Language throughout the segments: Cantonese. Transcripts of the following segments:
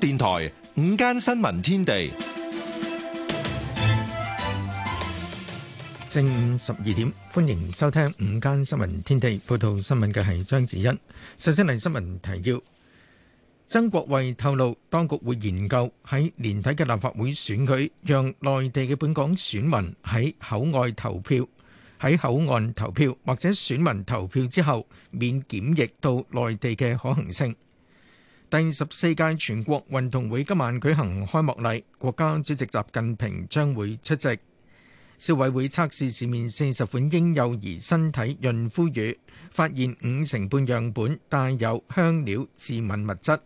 電台午間新聞天地，正午十二點，歡迎收聽午間新聞天地。報道新聞嘅係張子欣。首先係新聞提要：曾國衛透露，當局會研究喺年底嘅立法會選舉，讓內地嘅本港選民喺口岸投票，喺口岸投票或者選民投票之後免檢疫到內地嘅可行性。第十四屆全國運動會今晚舉行開幕禮，國家主席習近平將會出席。消委會測試市面四十款嬰幼兒身體潤膚乳，發現五成半樣本帶有香料致敏物質。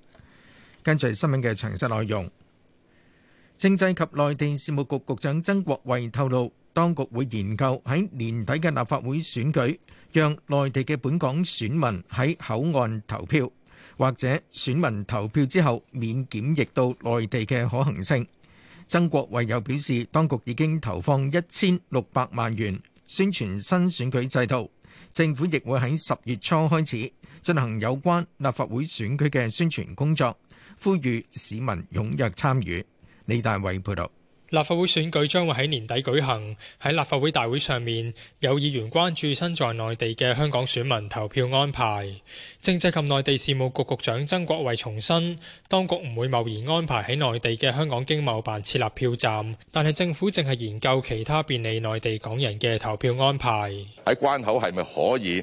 跟住係新聞嘅詳細內容。政制及內地事務局局長曾國衛透露，當局會研究喺年底嘅立法會選舉，讓內地嘅本港選民喺口岸投票，或者選民投票之後免檢疫到內地嘅可行性，曾國衛又表示，當局已經投放一千六百萬元宣傳新選舉制度，政府亦會喺十月初開始進行有關立法會選舉嘅宣傳工作，呼籲市民踴躍參與。李大偉報道。立法會選舉將會喺年底舉行，喺立法會大會上面有議員關注身在內地嘅香港選民投票安排。政制及內地事務局局長曾國衛重申，當局唔會貿然安排喺內地嘅香港經貿辦設立票站，但係政府正係研究其他便利內地港人嘅投票安排。喺關口係咪可以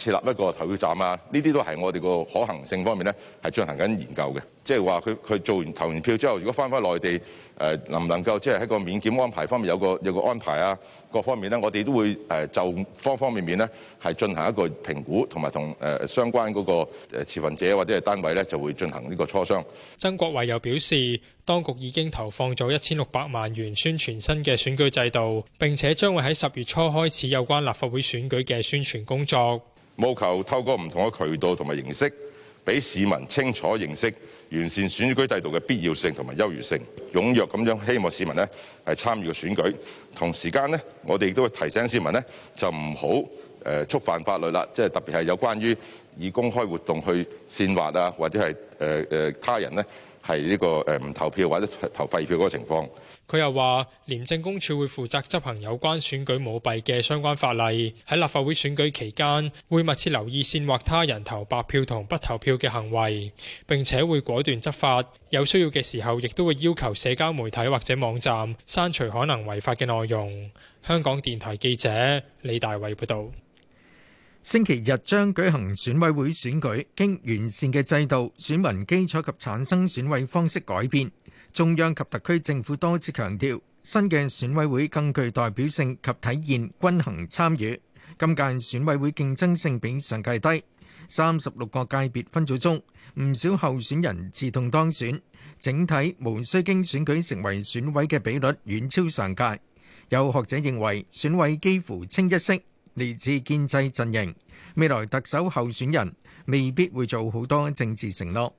誒設立一個投票站啊？呢啲都係我哋個可行性方面呢，係進行緊研究嘅。即係話佢佢做完投完票之後，如果翻返內地，誒能唔能夠即係喺個免檢安排方面有個有個安排啊？各方面呢，我哋都會誒就方方面面呢，係進行一個評估，同埋同誒相關嗰個持份者或者係單位呢，就會進行呢個磋商。曾國衛又表示，當局已經投放咗一千六百萬元宣傳新嘅選舉制度，並且將會喺十月初開始有關立法會選舉嘅宣傳工作，務求透過唔同嘅渠道同埋形式。俾市民清楚認識完善選舉制度嘅必要性同埋優越性，踴躍咁樣希望市民呢係參與個選舉。同時間呢，我哋亦都會提醒市民呢，就唔好誒觸犯法律啦。即係特別係有關於以公開活動去煽惑啊，或者係誒誒他人呢係呢個誒唔投票或者投廢票嗰個情況。佢又話：廉政公署會負責執行有關選舉舞弊嘅相關法例，喺立法會選舉期間會密切留意煽惑他人投白票同不投票嘅行為，並且會果斷執法。有需要嘅時候，亦都會要求社交媒體或者網站刪除可能違法嘅內容。香港電台記者李大衛報導。星期日將舉行選委會選舉，經完善嘅制度，選民基礎及產生選委方式改變。中央及特區政府多次強調，新嘅選委會更具代表性及體現均衡參與。今屆選委會競爭性比上屆低，三十六個界別分組中，唔少候選人自動當選，整體無需經選舉成為選委嘅比率遠超上屆。有學者認為，選委幾乎清一色嚟自建制陣營，未來特首候選人未必會做好多政治承諾。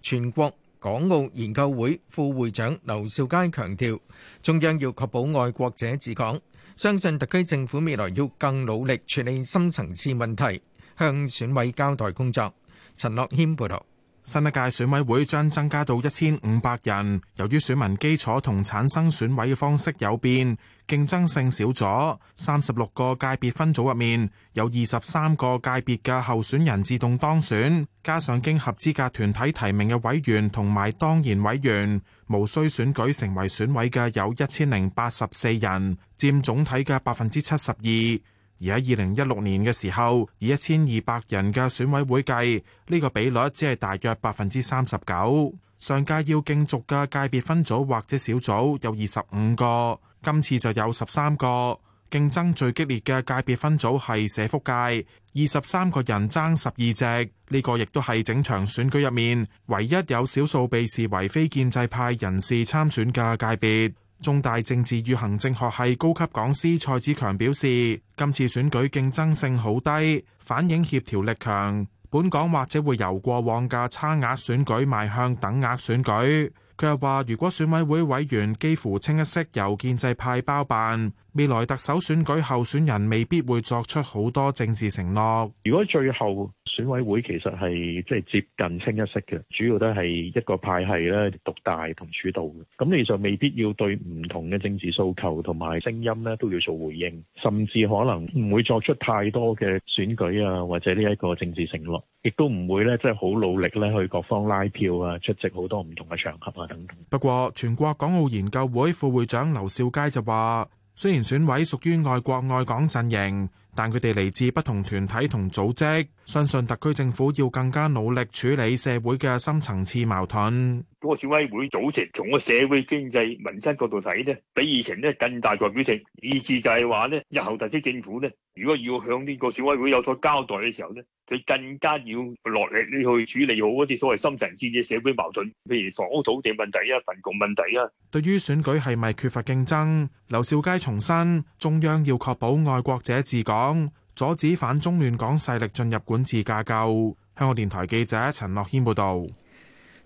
全國港澳研究會副會長劉兆佳強調，中央要確保愛國者治港，相信特區政府未來要更努力處理深層次問題，向選委交代工作。陳樂謙報道。新一屆選委會將增加到一千五百人。由於選民基礎同產生選委嘅方式有變，競爭性少咗。三十六個界別分組入面，有二十三個界別嘅候選人自動當選，加上經合資格團體提名嘅委員同埋當然委員，無需選舉成為選委嘅有一千零八十四人，佔總體嘅百分之七十二。而喺二零一六年嘅時候，以一千二百人嘅選委會計，呢個比率只係大約百分之三十九。上屆要競逐嘅界別分組或者小組有二十五個，今次就有十三個。競爭最激烈嘅界別分組係社福界，二十三個人爭十二席，呢個亦都係整場選舉入面唯一有少數被視為非建制派人士參選嘅界別。中大政治與行政學系高級講師蔡子強表示，今次選舉競爭性好低，反映協調力強，本港或者會由過往嘅差額選舉邁向等額選舉，佢又話，如果選委會委員幾乎清一色由建制派包辦。未來特首選舉候選人未必會作出好多政治承諾。如果最後選委會其實係即係接近清一色嘅，主要都係一個派系咧獨大同主導嘅，咁你就未必要對唔同嘅政治訴求同埋聲音咧都要做回應，甚至可能唔會作出太多嘅選舉啊，或者呢一個政治承諾，亦都唔會咧即係好努力咧去各方拉票啊，出席好多唔同嘅場合啊等等。不過，全國港澳研究會副會長劉兆佳就話。雖然選委屬於外國外港陣營，但佢哋嚟自不同團體同組織，相信特區政府要更加努力處理社會嘅深層次矛盾。個選委會組成從個社會經濟民生角度睇呢，比以前呢更大代表性。意思就係話呢，日後特區政府呢，如果要向呢個選委會有所交代嘅時候呢。佢更加要落力，你去處理好一啲所謂深層次嘅社會矛盾，譬如房屋土地問題啊、貧窮問題啊。對於選舉係咪缺乏競爭，劉兆佳重申，中央要確保愛國者治港，阻止反中亂港勢力進入管治架構。香港電台記者陳樂謙報道。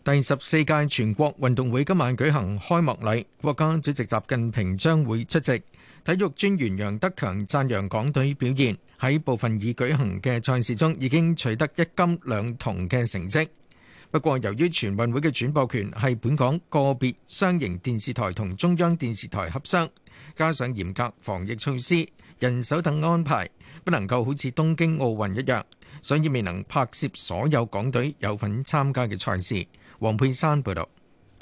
第十四屆全國運動會今晚舉行開幕禮，國家主席習近平將會出席。體育專員楊德強讚揚港隊表現。喺部分已舉行嘅賽事中，已經取得一金兩銅嘅成績。不過，由於全運會嘅轉播權係本港個別商營電視台同中央電視台合商，加上嚴格防疫措施、人手等安排，不能夠好似東京奧運一樣，所以未能拍攝所有港隊有份參加嘅賽事。黃佩珊報道。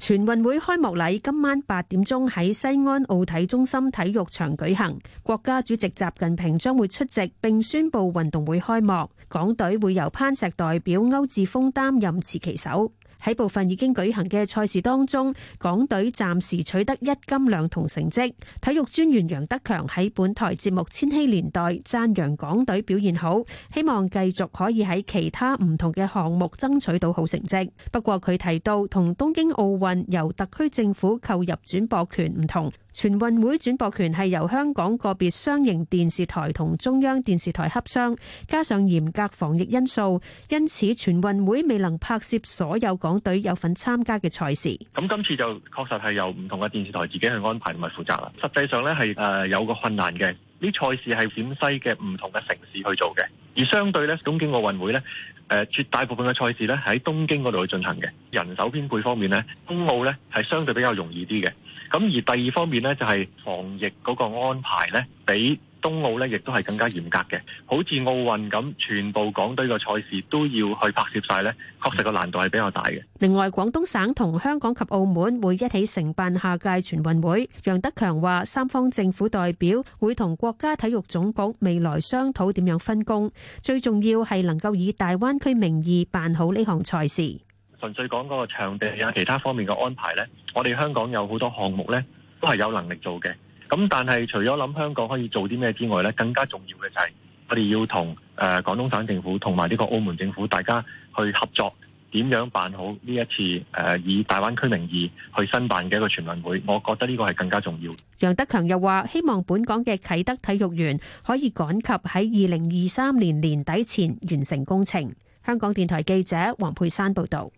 全運會開幕禮今晚八點鐘喺西安奧體中心體育場舉行，國家主席習近平將會出席並宣布運動會開幕，港隊會由攀石代表歐志峰擔任持旗手。喺部分已經舉行嘅賽事當中，港隊暫時取得一金兩銅成績。體育專員楊德強喺本台節目《千禧年代》讚揚港隊表現好，希望繼續可以喺其他唔同嘅項目爭取到好成績。不過佢提到，同東京奧運由特區政府購入轉播權唔同。全運會轉播權係由香港個別商業電視台同中央電視台洽商，加上嚴格防疫因素，因此全運會未能拍攝所有港隊有份參加嘅賽事。咁今次就確實係由唔同嘅電視台自己去安排同埋負責啦。實際上呢係誒有個困難嘅，啲賽事係陝西嘅唔同嘅城市去做嘅，而相對呢東京奧運會呢。誒、呃、絕大部分嘅賽事咧喺東京嗰度去進行嘅，人手編配方面咧，公奧咧係相對比較容易啲嘅。咁而第二方面咧就係、是、防疫嗰個安排咧，比。東澳呢，亦都係更加嚴格嘅，好似奧運咁，全部港隊嘅賽事都要去拍攝晒呢，確實個難度係比較大嘅。另外，廣東省同香港及澳門會一起承辦下屆全運會。楊德強話：三方政府代表會同國家體育總局未來商討點樣分工，最重要係能夠以大灣區名義辦好呢項賽事。純粹講個場地，有其他方面嘅安排呢，我哋香港有好多項目呢，都係有能力做嘅。咁，但係除咗諗香港可以做啲咩之外咧，更加重要嘅就係我哋要同誒廣東省政府同埋呢個澳門政府大家去合作，點樣辦好呢一次誒以大灣區名義去申辦嘅一個全運會？我覺得呢個係更加重要。楊德強又話，希望本港嘅啟德體育園可以趕及喺二零二三年年底前完成工程。香港電台記者黃佩珊報道。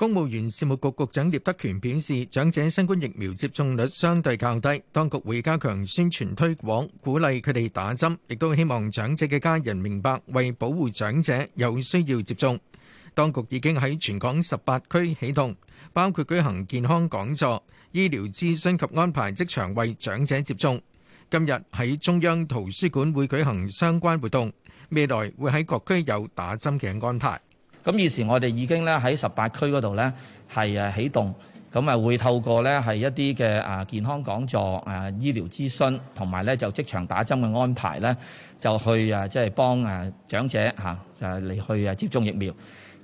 公務員事務局局長聶德權表示，長者新冠疫苗接種率相對較低，當局會加強宣傳推廣，鼓勵佢哋打針，亦都希望長者嘅家人明白，為保護長者，有需要接種。當局已經喺全港十八區啟動，包括舉行健康講座、醫療諮詢及安排即場為長者接種。今日喺中央圖書館會舉行相關活動，未來會喺各區有打針嘅安排。咁以前我哋已經咧喺十八區嗰度咧係誒起動，咁啊會透過咧係一啲嘅啊健康講座、誒醫療諮詢，同埋咧就即場打針嘅安排咧，就去誒即係幫誒長者嚇誒嚟去誒接種疫苗。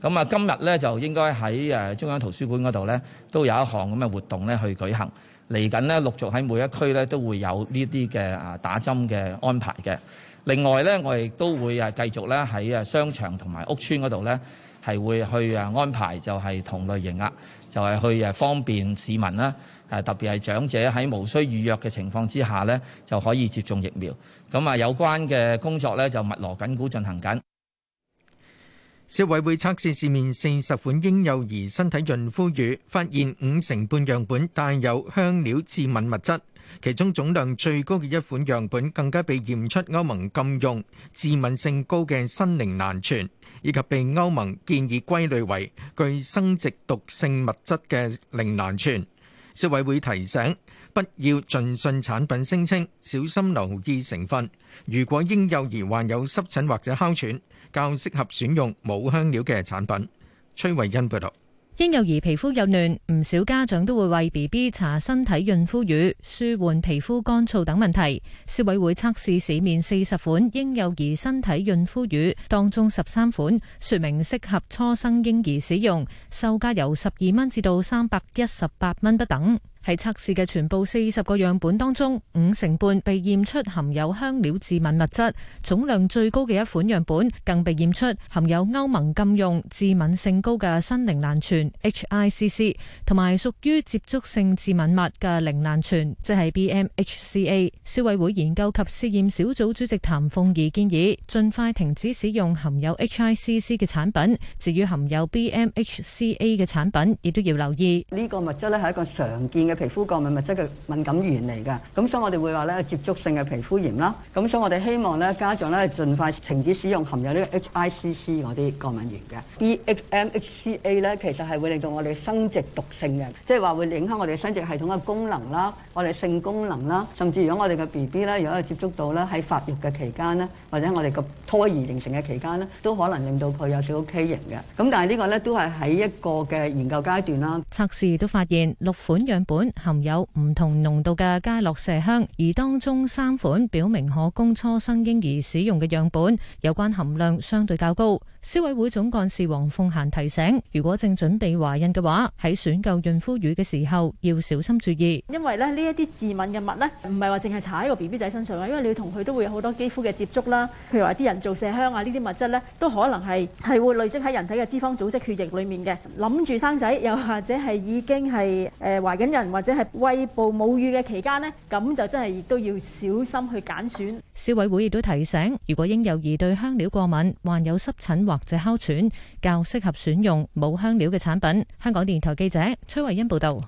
咁啊，今日咧就應該喺誒中央圖書館嗰度咧都有一項咁嘅活動咧去舉行。嚟緊咧，陸續喺每一區咧都會有呢啲嘅啊打針嘅安排嘅。另外咧，我亦都會誒繼續咧喺誒商場同埋屋邨嗰度咧。係會去啊安排就係同類型啦，就係去誒方便市民啦，誒特別係長者喺無需預約嘅情況之下呢，就可以接種疫苗。咁啊，有關嘅工作呢，就密鑼緊鼓進行緊。消委會測試市面四十款嬰幼兒身體潤膚乳，發現五成半樣本帶有香料致敏物質。其中總量最高嘅一款樣本更加被驗出歐盟禁用、致敏性高嘅新靈蘭泉，以及被歐盟建議歸類為具生殖毒性物質嘅靈蘭泉。消委會提醒，不要盡信產品聲稱，小心留意成分。如果嬰幼兒患有濕疹或者哮喘，較適合選用冇香料嘅產品。崔慧欣報道。嬰幼兒皮膚幼嫩，唔少家長都會為 BB 搽身體潤膚乳，舒緩皮膚乾燥等問題。消委會測試市面四十款嬰幼兒身體潤膚乳，當中十三款說明適合初生嬰兒使用，售價由十二蚊至到三百一十八蚊不等。喺測試嘅全部四十個樣本當中，五成半被驗出含有香料致敏物質，總量最高嘅一款樣本更被驗出含有歐盟禁用、致敏性高嘅新靈蘭醛 （HICC） 同埋屬於接觸性致敏物嘅靈蘭醛，即係 BMHCA。消委會研究及試驗小組主席譚鳳儀建議，盡快停止使用含有 HICC 嘅產品，至於含有 BMHCA 嘅產品，亦都要留意。呢個物質呢係一個常見嘅。皮膚過敏物質嘅敏感源嚟㗎，咁所以我哋會話咧接觸性嘅皮膚炎啦，咁所以我哋希望咧家長咧盡快停止使用含有呢個 HICC 嗰啲過敏源嘅 BHMHCA 咧，其實係會令到我哋生殖毒性嘅，即係話會影響我哋嘅生殖系統嘅功能啦，我哋性功能啦，甚至如果我哋嘅 BB 咧，如果係接觸到咧喺發育嘅期間咧，或者我哋個胎兒形成嘅期間咧，都可能令到佢有少少畸形嘅。咁但係呢個咧都係喺一個嘅研究階段啦。測試都發現六款樣本。含有唔同濃度嘅加洛麝香，而當中三款表明可供初生嬰兒使用嘅樣本，有關含量相對較高。消委會總幹事黃鳳嫻提醒，如果正準備懷孕嘅話，喺選購潤膚乳嘅時候要小心注意。因為咧呢一啲致敏嘅物咧，唔係話淨係搽喺個 B B 仔身上啊，因為你同佢都會有好多肌膚嘅接觸啦。譬如話啲人造麝香啊，呢啲物質咧都可能係係會累積喺人體嘅脂肪組織、血液裏面嘅。諗住生仔，又或者係已經係誒懷緊孕，或者係餵哺母乳嘅期間呢，咁就真係都要小心去揀選。消委會亦都提醒，如果嬰幼兒對香料過敏，患有濕疹或者烤串，較適合選用冇香料嘅產品。香港電台記者崔慧欣報道。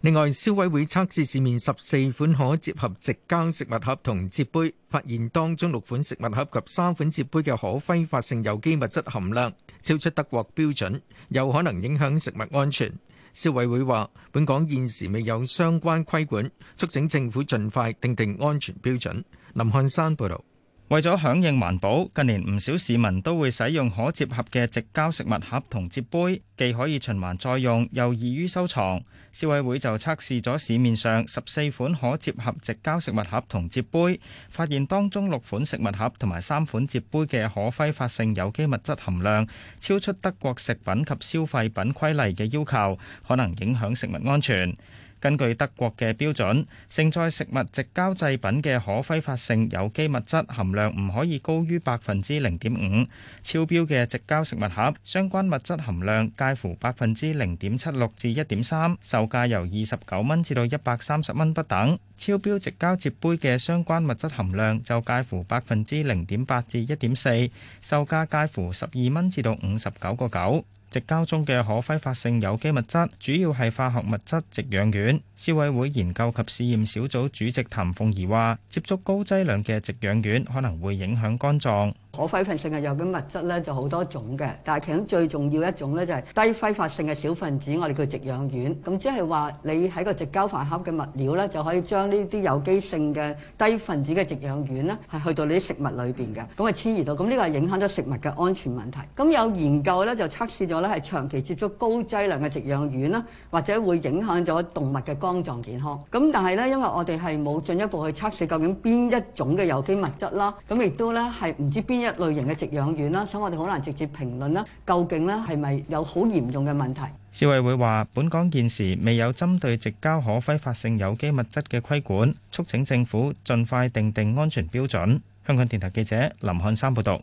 另外，消委會測試市面十四款可接合直膠食物盒同接杯，發現當中六款食物盒及三款接杯嘅可揮發性有機物質含量超出德國標準，有可能影響食物安全。消委會話本港現時未有相關規管，促請政府盡快訂定安全標準。林漢山報道。為咗響應環保，近年唔少市民都會使用可摺合嘅直膠食物盒同接杯，既可以循環再用，又易於收藏。消委會就測試咗市面上十四款可摺合直膠食物盒同接杯，發現當中六款食物盒同埋三款接杯嘅可揮發性有機物質含量超出德國食品及消費品規例嘅要求，可能影響食物安全。根據德國嘅標準，盛載食物塑膠製品嘅可揮發性有機物質含量唔可以高於百分之零點五。超標嘅塑膠食物盒相關物質含量介乎百分之零點七六至一點三，售價由二十九蚊至到一百三十蚊不等。超標塑膠接杯嘅相關物質含量就介乎百分之零點八至一點四，售價介乎十二蚊至到五十九個九。直交中嘅可揮發性有機物質，主要係化學物質正己烷。消委會研究及試驗小組主席譚鳳儀話，接觸高劑量嘅正己烷可能會影響肝臟。可揮發性嘅有機物質咧就好多種嘅，但係其中最重要一種咧就係、是、低揮發性嘅小分子，我哋叫植養源。咁即係話你喺個直交飯盒嘅物料咧，就可以將呢啲有機性嘅低分子嘅植養源咧，係去到你啲食物裏邊嘅，咁啊遷移到。咁呢個係影響咗食物嘅安全問題。咁有研究咧就測試咗咧係長期接觸高劑量嘅植養源啦，或者會影響咗動物嘅肝臟健康。咁但係咧，因為我哋係冇進一步去測試究竟邊一種嘅有機物質啦，咁亦都咧係唔知邊。一類型嘅植養院啦，所以我哋好難直接評論啦，究竟呢係咪有好嚴重嘅問題？消委會話：本港現時未有針對植膠可揮發性有機物質嘅規管，促請政府盡快訂定安全標準。香港電台記者林漢山報導。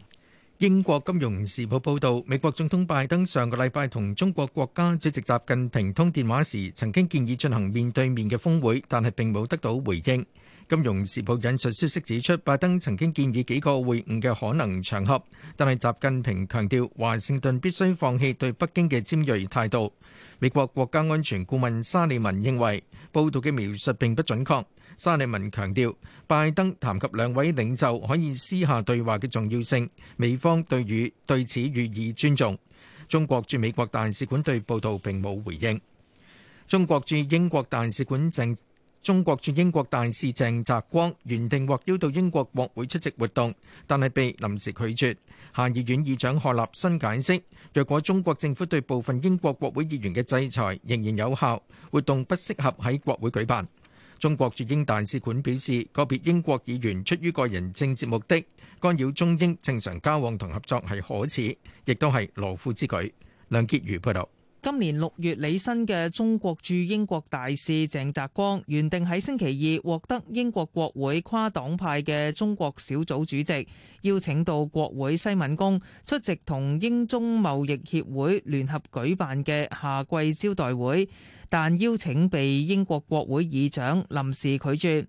英國金融時報報導，美國總統拜登上個禮拜同中國國家主席習近平通電話時，曾經建議進行面對面嘅峰會，但係並冇得到回應。金融時報引述消息指出，拜登曾經建議幾個會晤嘅可能場合，但係習近平強調華盛頓必須放棄對北京嘅尖銳態度。美國國家安全顧問沙利文認為報道嘅描述並不準確。沙利文強調，拜登談及兩位領袖可以私下對話嘅重要性，美方對與對此予以尊重。中國駐美國大使館對報道並冇回應。中國駐英國大使館正。中國駐英國大使鄭澤光原定獲邀到英國國會出席活動，但係被臨時拒絕。下議院議長賀立新解釋，若果中國政府對部分英國國會議員嘅制裁仍然有效，活動不適合喺國會舉辦。中國駐英大使館表示，個別英國議員出於個人政治目的，干擾中英正常交往同合作係可恥，亦都係羅富之舉。梁潔如報道。今年六月履新嘅中國駐英國大使鄭澤光原定喺星期二獲得英國國會跨黨派嘅中國小組主席邀請到國會西敏宮出席同英中貿易協會聯合舉辦嘅夏季招待會，但邀請被英國國會議長臨時拒絕。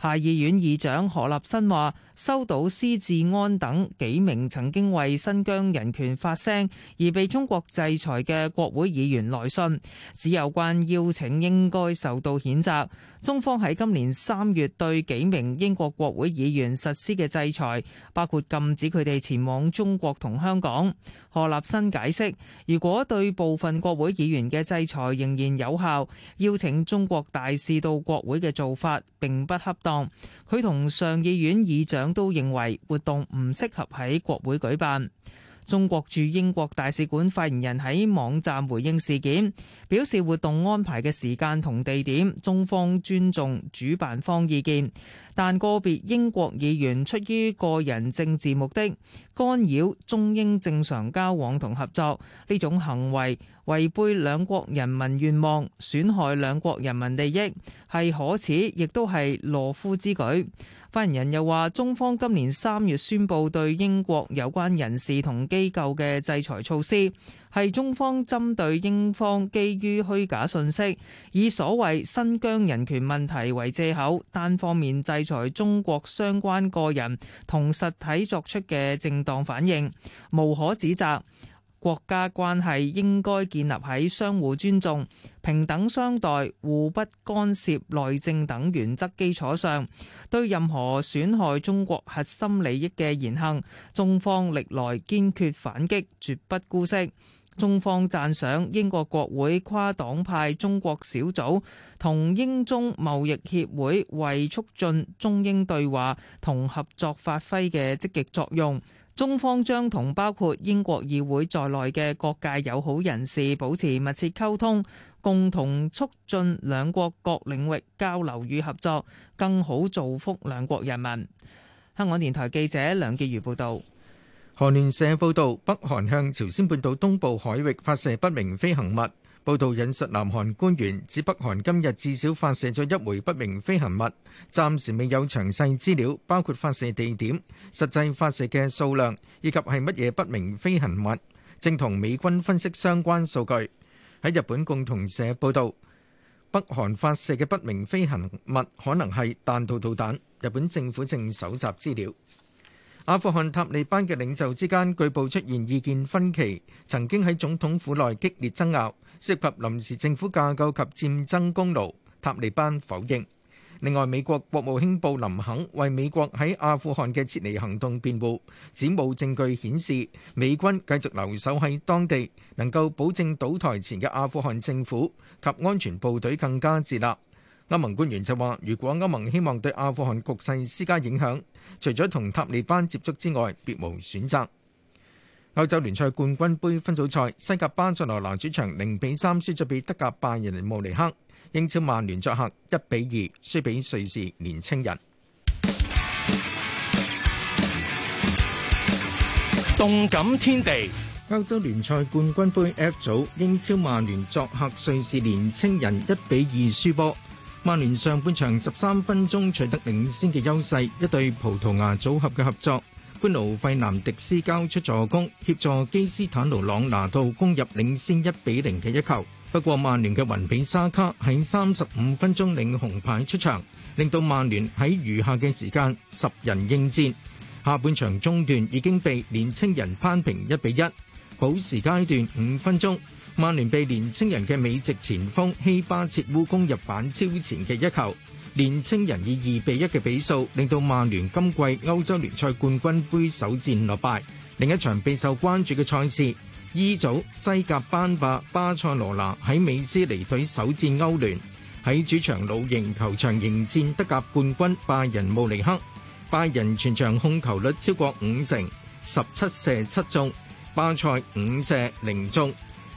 下議院議長何立新話。收到施志安等幾名曾經為新疆人權發聲而被中國制裁嘅國會議員來信，指有關邀請應該受到譴責，中方喺今年三月對幾名英國國會議員實施嘅制裁，包括禁止佢哋前往中國同香港。何立新解釋，如果對部分國會議員嘅制裁仍然有效，邀請中國大使到國會嘅做法並不恰當，佢同上議院議長。都認為活動唔適合喺國會舉辦。中國駐英國大使館發言人喺網站回應事件，表示活動安排嘅時間同地點，中方尊重主辦方意見。但個別英國議員出於個人政治目的，干擾中英正常交往同合作，呢種行為違背兩國人民願望，損害兩國人民利益，係可恥，亦都係懦夫之舉。發言人又話：中方今年三月宣布對英國有關人士同機構嘅制裁措施，係中方針對英方基於虛假信息，以所謂新疆人權問題為借口，單方面制裁中國相關個人同實體作出嘅正當反應，無可指責。國家關係應該建立喺相互尊重、平等相待、互不干涉內政等原則基礎上。對任何損害中國核心利益嘅言行，中方歷來堅決反擊，絕不姑息。中方讚賞英國國會跨黨派中國小組同英中貿易協會為促進中英對話同合作發揮嘅積極作用。中方將同包括英國議會在內嘅各界友好人士保持密切溝通，共同促進兩國各領域交流與合作，更好造福兩國人民。香港電台記者梁潔如報道。韓聯社報道，北韓向朝鮮半島東部海域發射不明飛行物。報道引述南韓官員指，北韓今日至少發射咗一枚不明飛行物，暫時未有詳細資料，包括發射地點、實際發射嘅數量以及係乜嘢不明飛行物，正同美軍分析相關數據。喺日本共同社報道，北韓發射嘅不明飛行物可能係彈道導彈，日本政府正搜集資料。阿富汗塔利班嘅領袖之間據報出現意見分歧，曾經喺總統府內激烈爭、爭拗，涉及臨時政府架構及戰爭功勞。塔利班否認。另外，美國國務卿布林肯為美國喺阿富汗嘅撤離行動辯護，指冇證據顯示美軍繼續留守喺當地，能夠保證倒台前嘅阿富汗政府及安全部隊更加自立。歐盟官員就話，如果歐盟希望對阿富汗局勢施加影響，除咗同塔利班接觸之外，別無選擇。歐洲聯賽冠軍杯分組賽，西甲巴塞羅那主場零比三輸咗俾德甲拜仁慕尼黑，英超曼聯作客一比二輸俾瑞士年青人。動感天地，歐洲聯賽冠軍杯 F 組，英超曼聯作客瑞士年青人一比二輸波。曼聯上半場十三分鐘取得領先嘅優勢，一對葡萄牙組合嘅合作，官奴費南迪斯交出助攻，協助基斯坦奴朗拿度攻入領先一比零嘅一球。不過曼聯嘅雲比沙卡喺三十五分鐘領紅牌出場，令到曼聯喺餘下嘅時間十人應戰。下半場中段已經被年青人扳平一比一，補時階段五分鐘。曼聯被年青人嘅美籍前鋒希巴切烏攻入反超前嘅一球，年青人以二比一嘅比數令到曼聯今季歐洲聯賽冠軍杯首戰落敗。另一場備受關注嘅賽事，E 組西甲班霸巴，巴塞羅那喺美斯離隊首戰歐聯，喺主場老營球場迎戰德甲冠軍拜仁慕尼黑，拜仁全場控球率超過五成，十七射七中，巴塞五射零中。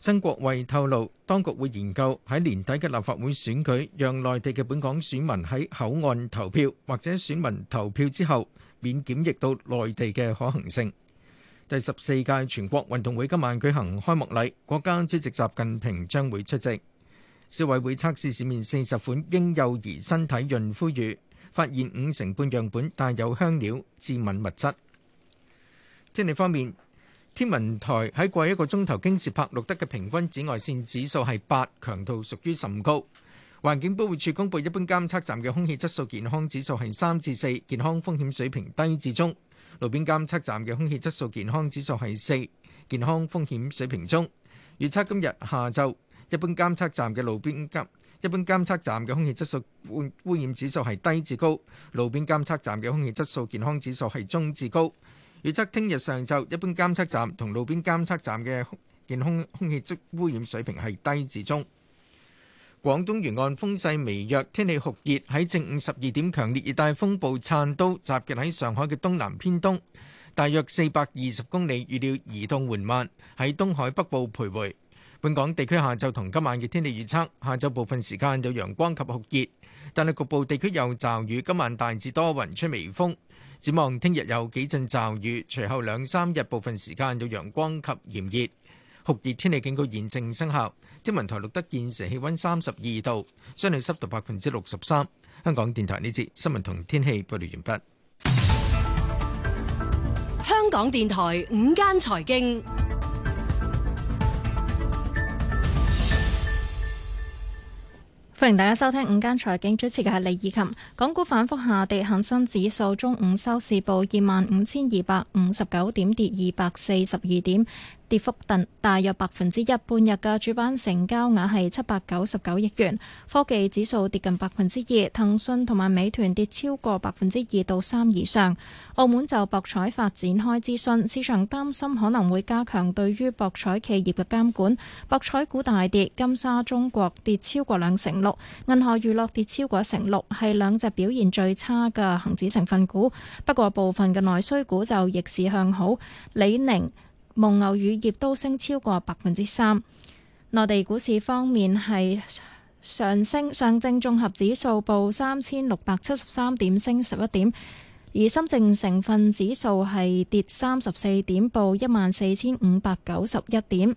曾國衛透露，當局會研究喺年底嘅立法會選舉，讓內地嘅本港選民喺口岸投票，或者選民投票之後免檢疫到內地嘅可行性。第十四屆全國運動會今晚舉行開幕禮，國家主席習近平將會出席。消委會測試市面四十款嬰幼兒身體潤膚乳，發現五成半樣本帶有香料、致敏物質。政治方面。天文台喺過去一個鐘頭京士柏錄得嘅平均紫外線指數係八，強度屬於甚高。環境保護署公佈一般監測站嘅空氣質素健康指數係三至四，健康風險水平低至中。路邊監測站嘅空氣質素健康指數係四，健康風險水平中。預測今日下晝一般監測站嘅路邊監一般監測站嘅空氣質素污污染指數係低至高，路邊監測站嘅空氣質素健康指數係中至高。預測聽日上晝一般監測站同路邊監測站嘅空氣污染水平係低至中。廣東沿岸風勢微弱，天氣酷熱。喺正午十二點，強烈熱帶風暴燦都集結喺上海嘅東南偏東，大約四百二十公里，預料移動緩慢，喺東海北部徘徊。本港地區下晝同今晚嘅天氣預測：下晝部分時間有陽光及酷熱，但係局部地區有驟雨。今晚大致多雲，吹微風。展望聽日有幾陣驟雨，隨後兩三日部分時間有陽光及炎熱。酷熱天氣警告現正生效。天文台錄得現時氣溫三十二度，相對濕度百分之六十三。香港電台呢節新聞同天氣報道完畢。香港電台午間財經。歡迎大家收聽午間財經，主持嘅係李以琴。港股反覆下跌，恒生指數中午收市報二萬五千二百五十九點，跌二百四十二點。跌幅等大約百分之一，半日嘅主板成交額係七百九十九億元。科技指數跌近百分之二，騰訊同埋美團跌超過百分之二到三以上。澳門就博彩發展開諮詢，市場擔心可能會加強對於博彩企業嘅監管，博彩股大跌，金沙中國跌超過兩成六，銀河娛樂跌超過一成六，係兩隻表現最差嘅恒指成分股。不過部分嘅內需股就逆市向好，李寧。蒙牛乳業都升超過百分之三。內地股市方面係上升，上證綜合指數報三千六百七十三點，升十一點；而深證成分指數係跌三十四點，報一萬四千五百九十一點。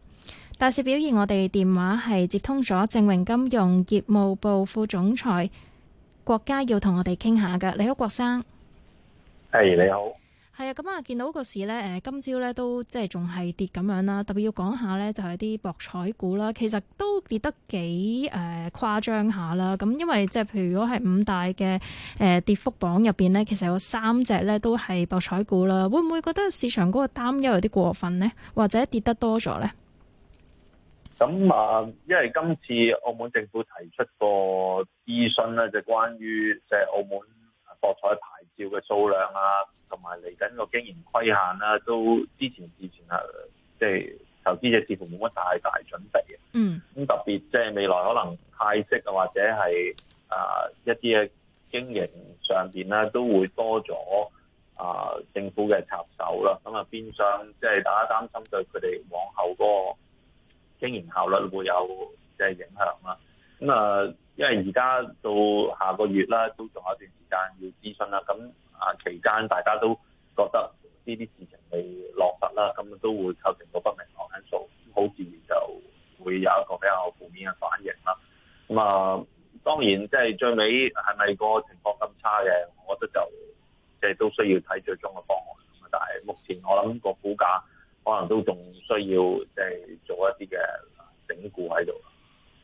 大市表現，我哋電話係接通咗，正榮金融業務部副總裁郭家耀同我哋傾下噶。你好，郭生。係、hey, 你好。係啊，咁啊、嗯，見到個市咧，誒，今朝咧都即係仲係跌咁樣啦。特別要講下咧，就係啲博彩股啦，其實都跌得幾誒誇張下啦。咁因為即係譬如如果係五大嘅誒跌幅榜入邊咧，其實有三隻咧都係博彩股啦。會唔會覺得市場嗰個擔憂有啲過分呢？或者跌得多咗咧？咁啊，因為今次澳門政府提出個諮詢咧，就關於即係澳門博彩牌。照嘅數量啊，同埋嚟緊個經營規限啦，都之前之前啊，即係投資者似乎冇乜大大準備啊。嗯。咁特別即係未來可能派息啊，或者係啊一啲嘅經營上邊啦，都會多咗啊政府嘅插手啦。咁啊，變相即係大家擔心對佢哋往後嗰個經營效率會有嘅影響啦。咁啊、嗯，因為而家到下個月啦，都仲有段時間要諮詢啦。咁啊，期間大家都覺得呢啲事情未落實啦，咁都會構成個不明確因素，好自然就會有一個比較負面嘅反應啦。咁、嗯、啊，當然即係最尾係咪個情況咁差嘅，我覺得就即係都需要睇最終嘅方案。但係目前我諗個股價可能都仲需要即係做一啲嘅整固喺度。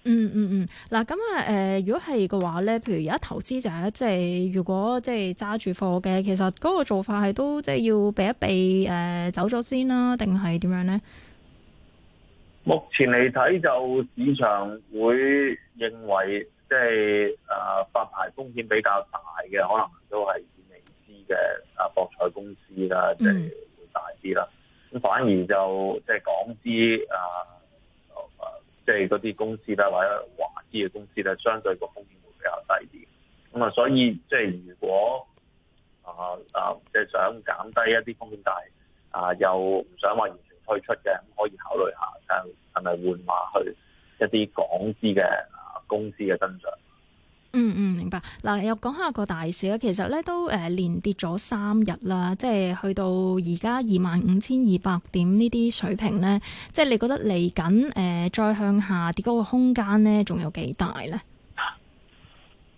嗯嗯嗯，嗱咁啊誒，如果係嘅話咧，譬如而家投資者即係如果即係揸住貨嘅，其實嗰個做法係都即係要避一避誒、呃、走咗先啦，定係點樣咧？目前嚟睇就市場會認為即係誒、呃、發牌風險比較大嘅，可能都係未知嘅啊博彩公司啦，即係會大啲啦。咁、嗯、反而就即係講啲誒。呃即係嗰啲公司咧，或者華資嘅公司咧，相對個風險會比較低啲。咁啊，所以即係如果啊啊，即係想減低一啲風險，但係啊又唔想話完全退出嘅，咁可以考慮下，但係咪換話去一啲港資嘅公司嘅增長？嗯嗯，明白。嗱，又講下個大市啦，其實咧都誒連跌咗三日啦，即係去到而家二萬五千二百點呢啲水平咧，即係你覺得嚟緊誒再向下跌嗰個空間咧，仲有幾大咧？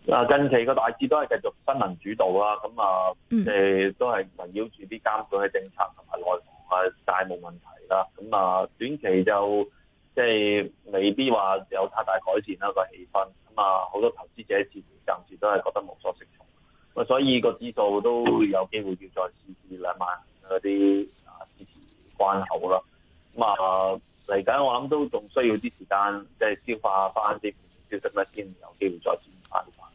嗱，近期個大市都係繼續新聞主導啦，咁啊，誒、嗯、都係圍繞住啲監管嘅政策同埋內房啊債務問題啦，咁啊短期就。即係未必話有太大改善啦個氣氛，咁啊好多投資者暫時都係覺得無所適從，咁所以個指數都有機會要再試試兩萬嗰啲啊支持關口啦。咁啊嚟緊我諗都仲需要啲時間，即係消化翻啲負面消息先有機會再轉翻翻。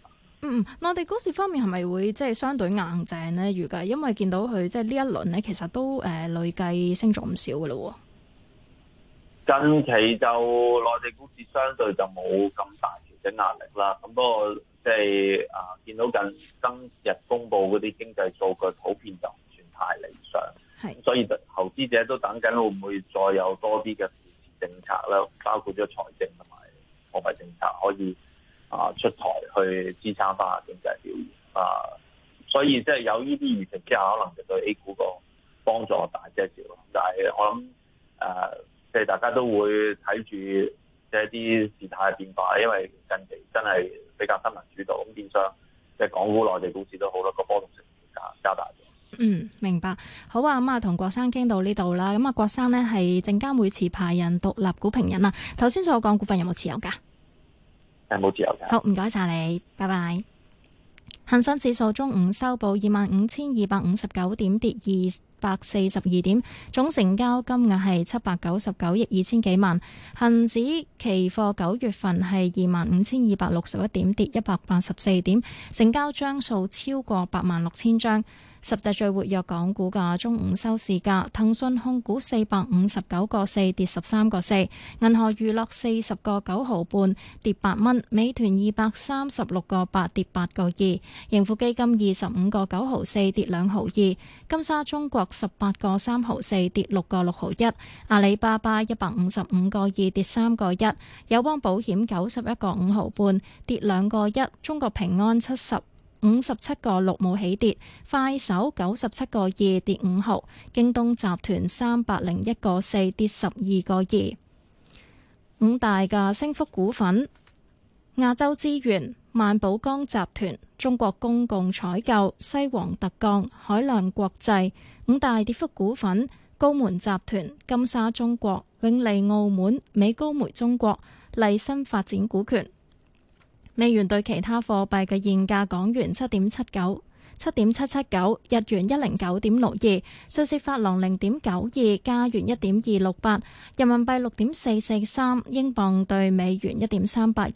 嗯，內地股市方面係咪會即係相對硬淨咧？預計因為見到佢即係呢一輪咧，其實都誒、呃、累計升咗唔少噶啦。近期就內地股市相對就冇咁大調整壓力啦，咁不過即係啊，見到近今日公布嗰啲經濟數據普遍就唔算太理想，咁的所以投資者都等緊會唔會再有多啲嘅扶持政策啦，包括咗財政同埋貨幣政策可以啊出台去支撐翻下經濟表現啊，所以即係有呢啲預期之下，可能就對 A 股個幫助大啫少，但係我諗啊。即係大家都會睇住即係啲事態嘅變化，因為近期真係比較新聞主導咁，變相即係港股內地股市都好咯，個波動性加加大咗。嗯，明白。好啊，咁啊同郭生傾到呢度啦。咁啊，郭生呢係證監會持牌人、獨立股評人啊。頭先所講股份有冇持有㗎？係冇持有㗎。好，唔該晒你，拜拜。恒生指數中午收報二萬五千二百五十九點，跌二百四十二點，總成交金額係七百九十九億二千幾萬。恒指期貨九月份係二萬五千二百六十一點，跌一百八十四點，成交張數超過八萬六千張。十隻最活躍港股嘅中午收市價：騰訊控股四百五十九個四，跌十三個四；銀河娛樂四十個九毫半，跌八蚊；美團二百三十六個八，跌八個二；盈富基金二十五個九毫四，跌兩毫二；金沙中國十八個三毫四，跌六個六毫一；阿里巴巴一百五十五個二，跌三個一；友邦保險九十一個五毫半，跌兩個一；中國平安七十五十七個六冇起跌，快手九十七個二跌五毫，京東集團三百零一個四跌十二個二，五大嘅升幅股份：亞洲資源、萬寶江集團、中國公共採購、西王特鋼、海亮國際；五大跌幅股份：高門集團、金沙中國、永利澳門、美高梅中國、麗新發展股權。美元兌其他貨幣嘅現價：港元七點七九、七點七七九；日元一零九點六二；瑞士法郎零點九二；加元一點二六八；人民幣六點四四三；英鎊對美元一點三八一；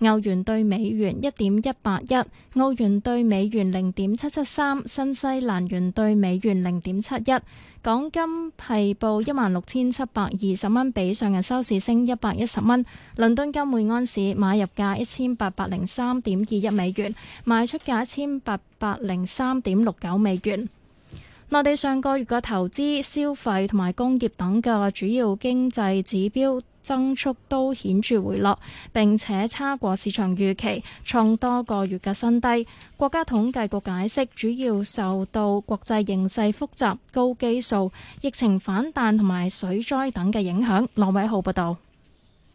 歐元對美元一點一八一；澳元對美元零點七七三；新西蘭元對美元零點七一。港金係報一萬六千七百二十蚊，比上日收市升一百一十蚊。倫敦金每安士買入價一千八百零三點二一美元，賣出價一千八百零三點六九美元。內地上個月嘅投資、消費同埋工業等嘅主要經濟指標，增速都顯著回落，並且差過市場預期，創多個月嘅新低。國家統計局解釋，主要受到國際形勢複雜、高基數、疫情反彈同埋水災等嘅影響。羅偉浩報道。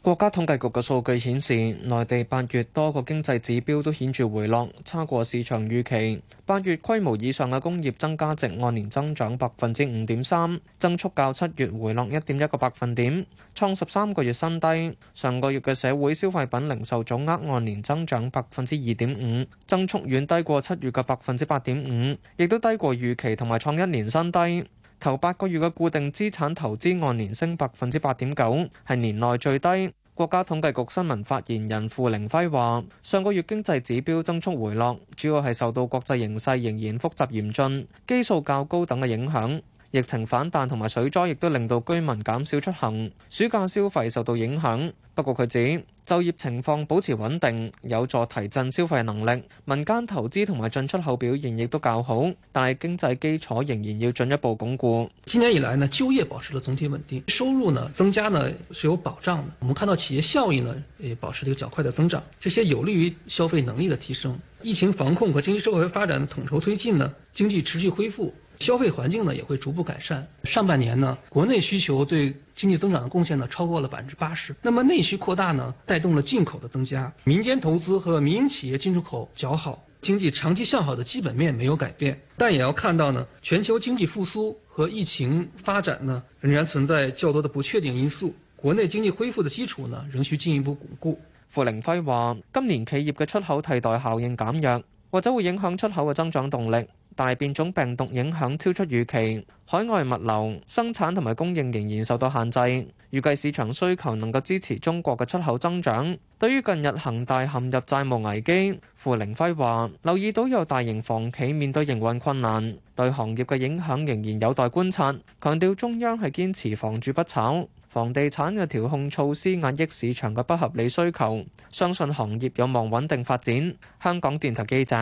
國家統計局嘅數據顯示，內地八月多個經濟指標都顯著回落，差過市場預期。八月規模以上嘅工業增加值按年增長百分之五點三，增速較七月回落一點一個百分點，創十三個月新低。上個月嘅社會消費品零售總額按年增長百分之二點五，增速遠低過七月嘅百分之八點五，亦都低過預期同埋創一年新低。頭八個月嘅固定資產投資按年升百分之八點九，係年內最低。國家統計局新聞發言人付凌暉話：上個月經濟指標增速回落，主要係受到國際形勢仍然複雜嚴峻、基數較高等嘅影響。疫情反彈同埋水災亦都令到居民減少出行，暑假消費受到影響。不過佢指就業情況保持穩定，有助提振消費能力。民間投資同埋進出口表現亦都較好，但係經濟基礎仍然要進一步鞏固。今年以來呢，就業保持了總體穩定，收入呢增加呢是有保障的。我們看到企業效益呢也保持了較快的增長，這些有利於消費能力的提升。疫情防控和經濟社會發展統籌推進呢，經濟持續恢復。消費環境呢也會逐步改善。上半年呢，國內需求對經濟增長的貢獻呢超過了百分之八十。那麼內需擴大呢，帶動了進口的增加。民間投資和民營企業進出口較好，經濟長期向好的基本面沒有改變。但也要看到呢，全球經濟復甦和疫情發展呢，仍然存在較多的不確定因素。國內經濟恢復的基礎呢，仍需進一步鞏固。傅玲輝話：今年企業嘅出口替代效應減弱，或者會影響出口嘅增長動力。大變種病毒影響超出預期，海外物流、生產同埋供應仍然受到限制。預計市場需求能夠支持中國嘅出口增長。對於近日恒大陷入債務危機，傅凌輝話：留意到有大型房企面對營運困難，對行業嘅影響仍然有待觀察。強調中央係堅持房住不炒，房地產嘅調控措施壓抑市場嘅不合理需求，相信行業有望穩定發展。香港電台記者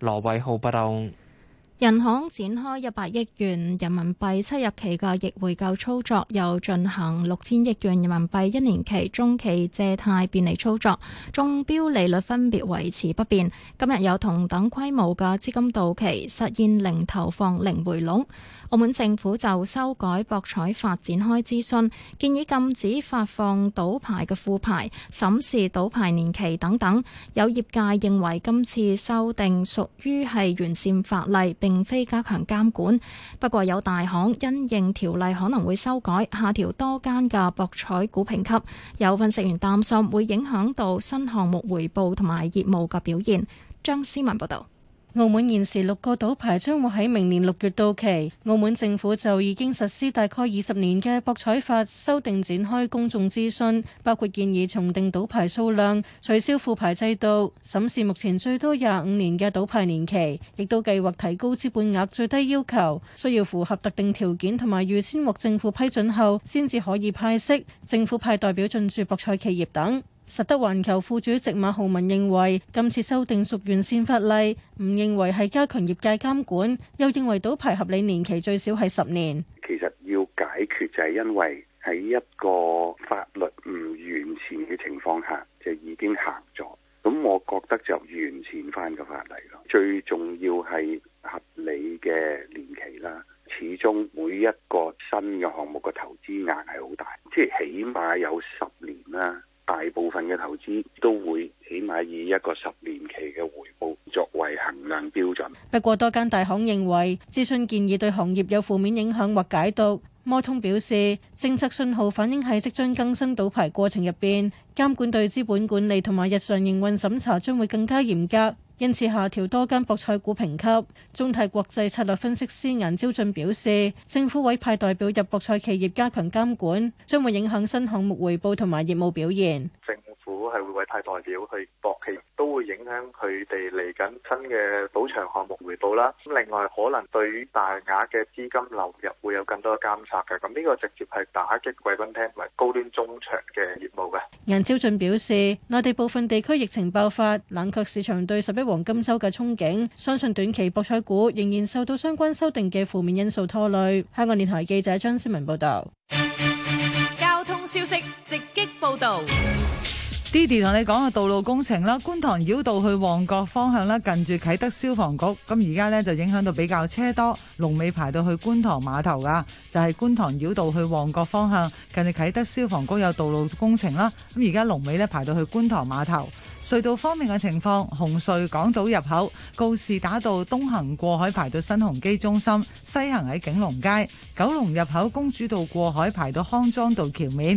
羅偉浩報道。人行展開一百億元人民幣七日期嘅逆回購操作，又進行六千億元人民幣一年期中期借貸便利操作，中標利率分別維持不變。今日有同等規模嘅資金到期，實現零投放，零回籠。澳門政府就修改博彩法展開諮詢，建議禁止發放賭牌嘅副牌、審視賭牌年期等等。有業界認為今次修訂屬於係完善法例，並非加強監管，不過有大行因應條例可能會修改，下調多間嘅博彩股評級。有分析員擔心會影響到新項目回報同埋業務嘅表現。張思文報道。澳門現時六個賭牌將會喺明年六月到期，澳門政府就已經實施大概二十年嘅博彩法修訂展開公眾諮詢，包括建議重定賭牌數量、取消副牌制度、審視目前最多廿五年嘅賭牌年期，亦都計劃提高資本額最低要求，需要符合特定條件同埋預先獲政府批准後先至可以派息，政府派代表進駐博彩企業等。實德環球副主席馬浩文認為，今次修訂屬完善法例，唔認為係加強業界監管，又認為賭牌合理年期最少係十年。其實要解決就係因為喺一個法律唔完善嘅情況下，就已經行咗。咁我覺得就完善翻個法例咯。最重要係合理嘅年期啦。始終每一個新嘅項目個投資額係好大，即係起碼有十年啦。大部分嘅投資都會起碼以一個十年期嘅回報作為衡量標準。不過，多間大行認為諮詢建議對行業有負面影響或解讀。摩通表示，政策信號反映係即將更新倒牌過程入邊，監管對資本管理同埋日常營運審查將會更加嚴格。因此下調多間博彩股評級。中泰國際策略分析師顏招俊表示，政府委派代表入博彩企業加強監管，將會影響新項目回報同埋業務表現。政府係會委派代表去博企業，都會影響佢哋嚟緊新嘅賭場項目回報啦。咁另外可能對於大額嘅資金流入會有更多嘅監察嘅。咁呢個直接係打擊貴賓廳同埋高端中場嘅業務嘅。任超俊表示，內地部分地區疫情爆發，冷卻市場對十一黃金週嘅憧憬，相信短期博彩股仍然受到相關修訂嘅負面因素拖累。香港電台記者張思文報道。交通消息直擊報道。Didi 同你講下道，道路工程啦，觀塘繞道去旺角方向咧，近住啟德消防局，咁而家呢就影響到比較車多，龍尾排到去觀塘碼頭噶，就係、是、觀塘繞道去旺角方向，近住啟德消防局有道路工程啦，咁而家龍尾呢排到去觀塘碼頭。隧道方面嘅情況，紅隧港島入口告士打道東行過海排到新鴻基中心，西行喺景隆街；九龍入口公主道過海排到康莊道橋面。